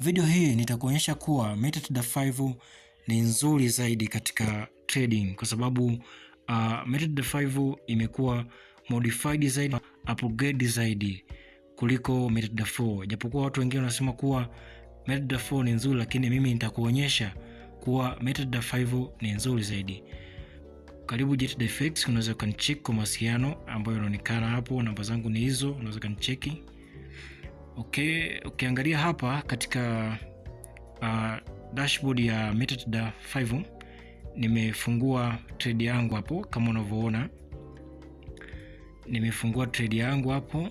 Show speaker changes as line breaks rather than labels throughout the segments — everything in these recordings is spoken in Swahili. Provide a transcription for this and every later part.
Video hii nitakuonyesha kuwa MetaTrader 5 ni nzuri zaidi katika trading kwa sababu uh, MetaTrader 5 imekuwa modified zaidi, upgrade zaidi kuliko MetaTrader 4. Japokuwa watu wengine wanasema kuwa MetaTrader 4 ni nzuri, lakini mimi nitakuonyesha kuwa MetaTrader 5 ni nzuri zaidi. Karibu JTDFX, unaweza ukanicheki kwa mawasiliano ambayo yanaonekana hapo, namba zangu ni hizo, unaweza ukanicheki. Okay, ukiangalia hapa katika uh, dashboard ya MetaTrader 5 nimefungua trade yangu hapo kama unavyoona, nimefungua trade yangu hapo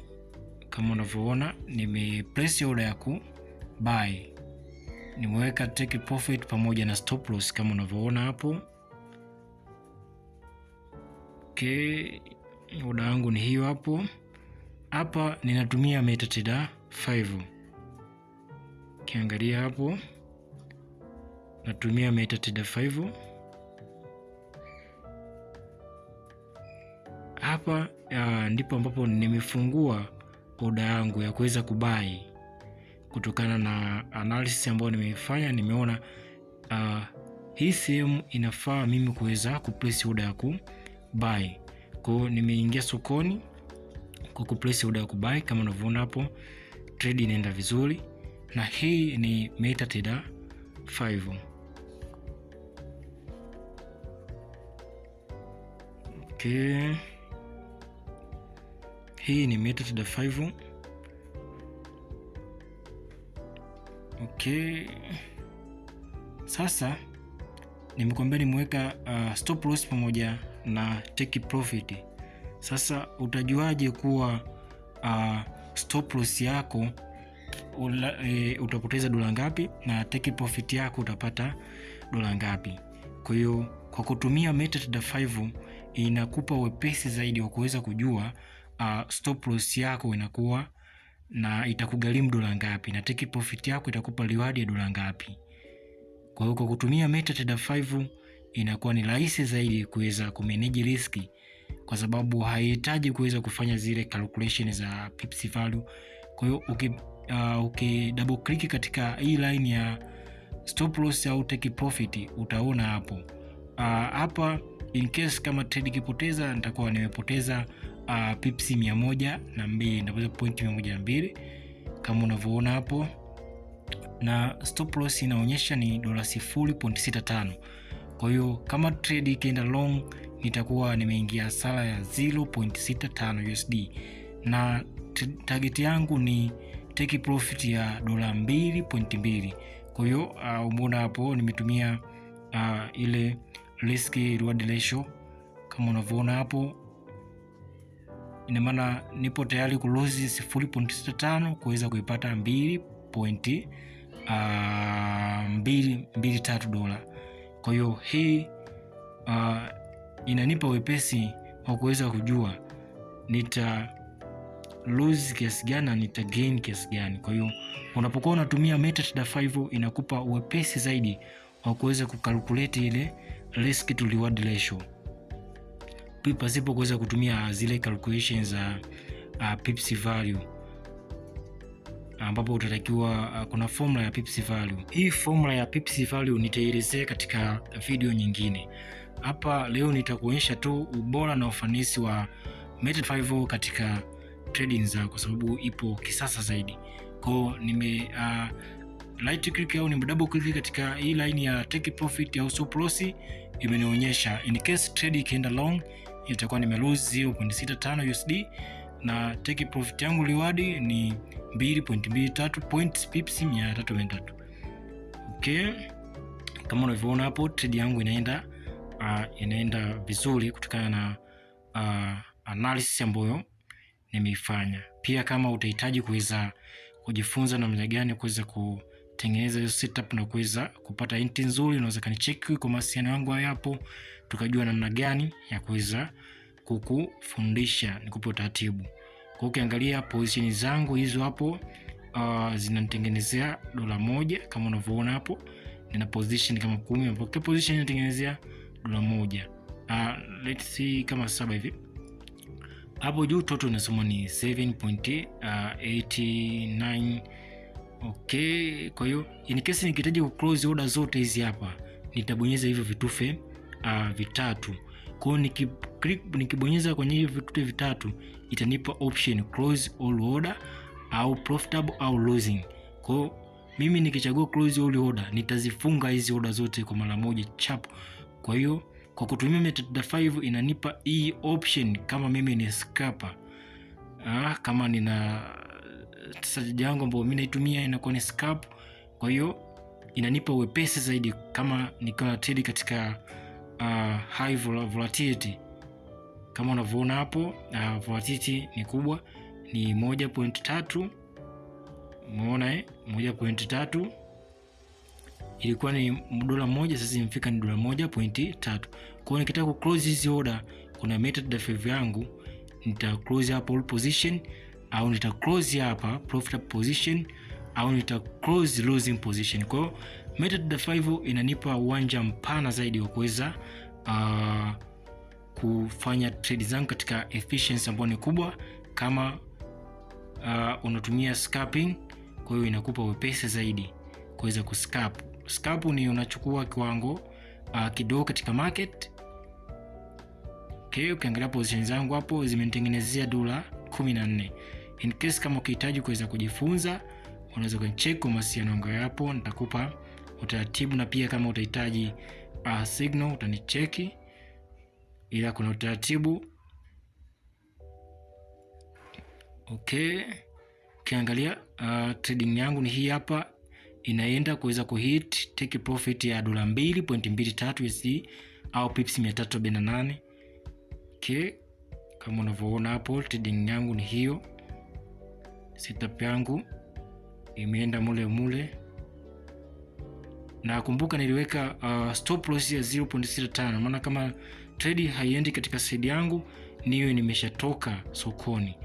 kama unavyoona, nime place order ya ku buy, nimeweka take profit pamoja na stop loss kama unavyoona hapo. Okay, order yangu ni hiyo hapo. Hapa ninatumia MetaTrader 5. kiangalia hapo natumia metadata 5 hapa. Uh, ndipo ambapo nimefungua oda yangu ya kuweza kubai kutokana na analysis ambayo nimeifanya. Nimeona uh, hii sehemu inafaa mimi kuweza kuplace oda ya kubai. Kwa hiyo nimeingia sokoni kwa kuplace oda ya kubai kama unavyoona hapo trade inaenda vizuri, na hii ni MetaTrader 5. Okay. Hii ni MetaTrader 5. Okay. Sasa nimekuambia nimeweka uh, stop loss pamoja na take profit. Sasa utajuaje kuwa uh, stop loss yako ula, e, utapoteza dola ngapi na take profit yako utapata dola ngapi. Kwa hiyo kwa kutumia MetaTrader 5 inakupa wepesi zaidi wa kuweza kujua uh, stop loss yako inakuwa na itakugharimu dola ngapi na take profit yako itakupa reward ya dola ngapi. Kwa hiyo kwa kutumia MetaTrader 5 inakuwa ni rahisi zaidi kuweza kumanage riski kwa sababu haihitaji kuweza kufanya zile calculation za pips value. Kwa hiyo uki, uh, uki double click katika hii line ya stop loss au take profit utaona hapo uh, hapa in case kama trade ikipoteza nitakuwa nimepoteza uh, pips na 102 nitapoteza point 102 kama unavyoona hapo na stop loss inaonyesha ni dola 0.65 kwa hiyo kama trade ikienda long nitakuwa nimeingia sala ya 0.65 USD na target yangu ni take profit ya dola 2.2. Kwa hiyo uh, umeona hapo nimetumia uh, ile risk reward ratio kama unavyoona hapo, ina maana nipo tayari lose 0.65 kuweza kuipata 2.23 uh, dola. Kwa hiyo hii uh, inanipa wepesi wa kuweza kujua nita lose kiasi gani na nita gain kiasi gani. Kwa hiyo unapokuwa unatumia metadata 5 inakupa wepesi zaidi wa kuweza kukalkulate ile risk to reward ratio pasipo kuweza kutumia zile calculations za uh, uh, pips value ambapo utatakiwa uh, kuna formula ya pips value. Hii formula ya pips value nitaelezea katika video nyingine. Hapa leo nitakuonyesha tu ubora na ufanisi wa MT50 katika trading zao, kwa sababu ipo kisasa zaidi. Kwa hiyo nime uh, right click au ni double click katika hii line ya take profit au stop loss, imenionyesha in case trade ikienda long itakuwa nime lose 0.65 USD na take profit yangu reward ni 2.23 points pips 333. Okay, kama unavyoona hapo trade yangu inaenda uh, inaenda vizuri kutokana na uh, analysis ambayo nimeifanya. Pia kama utahitaji kuweza kujifunza namna gani kuweza kutengeneza hiyo setup na kuweza kupata inti nzuri, unaweza kanicheki kwa mawasiliano yangu hayapo, tukajua namna gani ya kuweza kukufundisha nikupe utaratibu. Kwa ukiangalia position zangu hizo hapo uh, zinanitengenezea dola moja kama unavyoona hapo, nina position kama kumi ambapo kila position inatengenezea dola moja uh, let's see kama saba hivi hapo juu toto inasoma ni 7.89 ah, okay kwa hiyo in case nikihitaji close order zote hizi hapa nitabonyeza hivyo vitufe uh, vitatu Kwa hiyo niki click nikibonyeza kwenye hivyo vitufe vitatu itanipa option close all order au profitable au losing kwao mimi nikichagua close all order nitazifunga hizi order zote kwa mara moja chapo kwa hiyo kwa kutumia metadata 5 inanipa hii option kama mimi ni scraper. Ah, kama nina strategy yangu ambayo mimi naitumia inakuwa ni scrap. Kwa hiyo inanipa wepesi zaidi kama nikiwa na trade katika uh, high volatility kama unavyoona hapo uh, volatility ni kubwa, ni moja point tatu. Umeona eh, moja point ilikuwa ni dola moja, sasa imefika ni dola moja pointi tatu. Kwa hiyo nikitaka kuclose hizi order, kuna method fav yangu nita close hapa all position au nita close hapa profit position au nita close losing position. Kwa hiyo method fav inanipa uwanja mpana zaidi wa kuweza uh, kufanya trade zangu katika efficiency ambayo ni kubwa kama uh, unatumia scalping, kwa hiyo inakupa wepesi zaidi kuweza kuscalp Scalp ni unachukua kiwango uh, kidogo katika market. Okay, ukiangalia position zangu hapo zimenitengenezea dola 14. In case kama ukihitaji kuweza kujifunza, unaweza kunicheck kwa masiano yangu hapo, nitakupa utaratibu na pia kama utahitaji uh, signal utanicheki, ila kuna utaratibu okay. Ukiangalia uh, trading yangu ni hii hapa inaenda kuweza kuhit take profit ya dola 2.23 USD au pips 348. Okay, kama unavyoona hapo trading yangu ni hiyo, setup yangu imeenda mule mule, na kumbuka niliweka uh, stop loss ya 0.65, maana kama trade haiendi katika side yangu niwe nimeshatoka sokoni,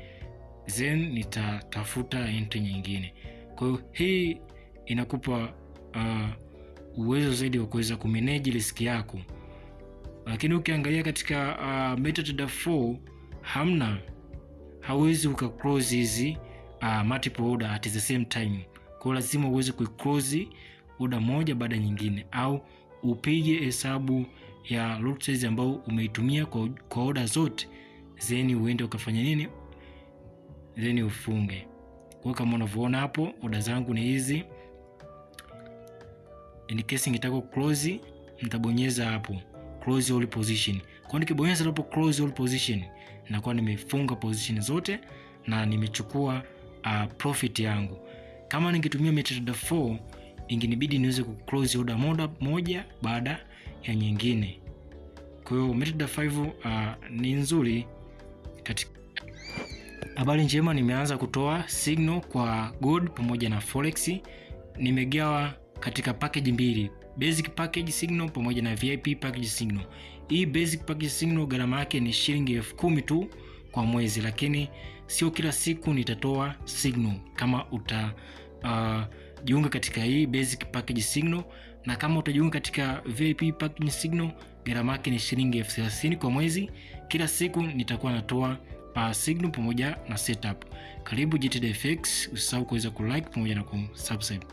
then nitatafuta entry nyingine. Kwa hiyo hii inakupa uh, uwezo zaidi wa kuweza kumeneji riski yako, lakini ukiangalia katika uh, MetaTrader 4 hamna, hauwezi ukaclose hizi uh, multiple order at the same time. Kwa lazima uweze kuiclose order moja baada nyingine, au upige hesabu ya lot size ambayo umeitumia kwa, kwa order zote, then uende ukafanya nini, then ufunge. Kwa kama unavyoona hapo, oda zangu ni hizi in case nitaka close nitabonyeza hapo close all position. Kwa nikibonyeza hapo close all position, nakuwa nimefunga position zote na nimechukua uh, profit yangu. Kama ningetumia MetaTrader 4 ingenibidi niweze ku close order moja moja baada ya nyingine. Kwa hiyo MetaTrader 5 uh, ni nzuri katika habari njema. Nimeanza kutoa signal kwa gold pamoja na forex, nimegawa katika package mbili, basic package signal pamoja na VIP package signal. Hii basic package signal gharama yake ni shilingi elfu kumi tu kwa mwezi, lakini sio kila siku nitatoa signal. Kama uta uh, jiunga katika hii basic package signal na kama utajiunga katika VIP package signal, gharama yake ni shilingi elfu thelathini kwa mwezi. Kila siku nitakuwa natoa pa uh, signal pamoja na setup. Karibu GTD usisahau kuweza kulike pamoja na kusubscribe.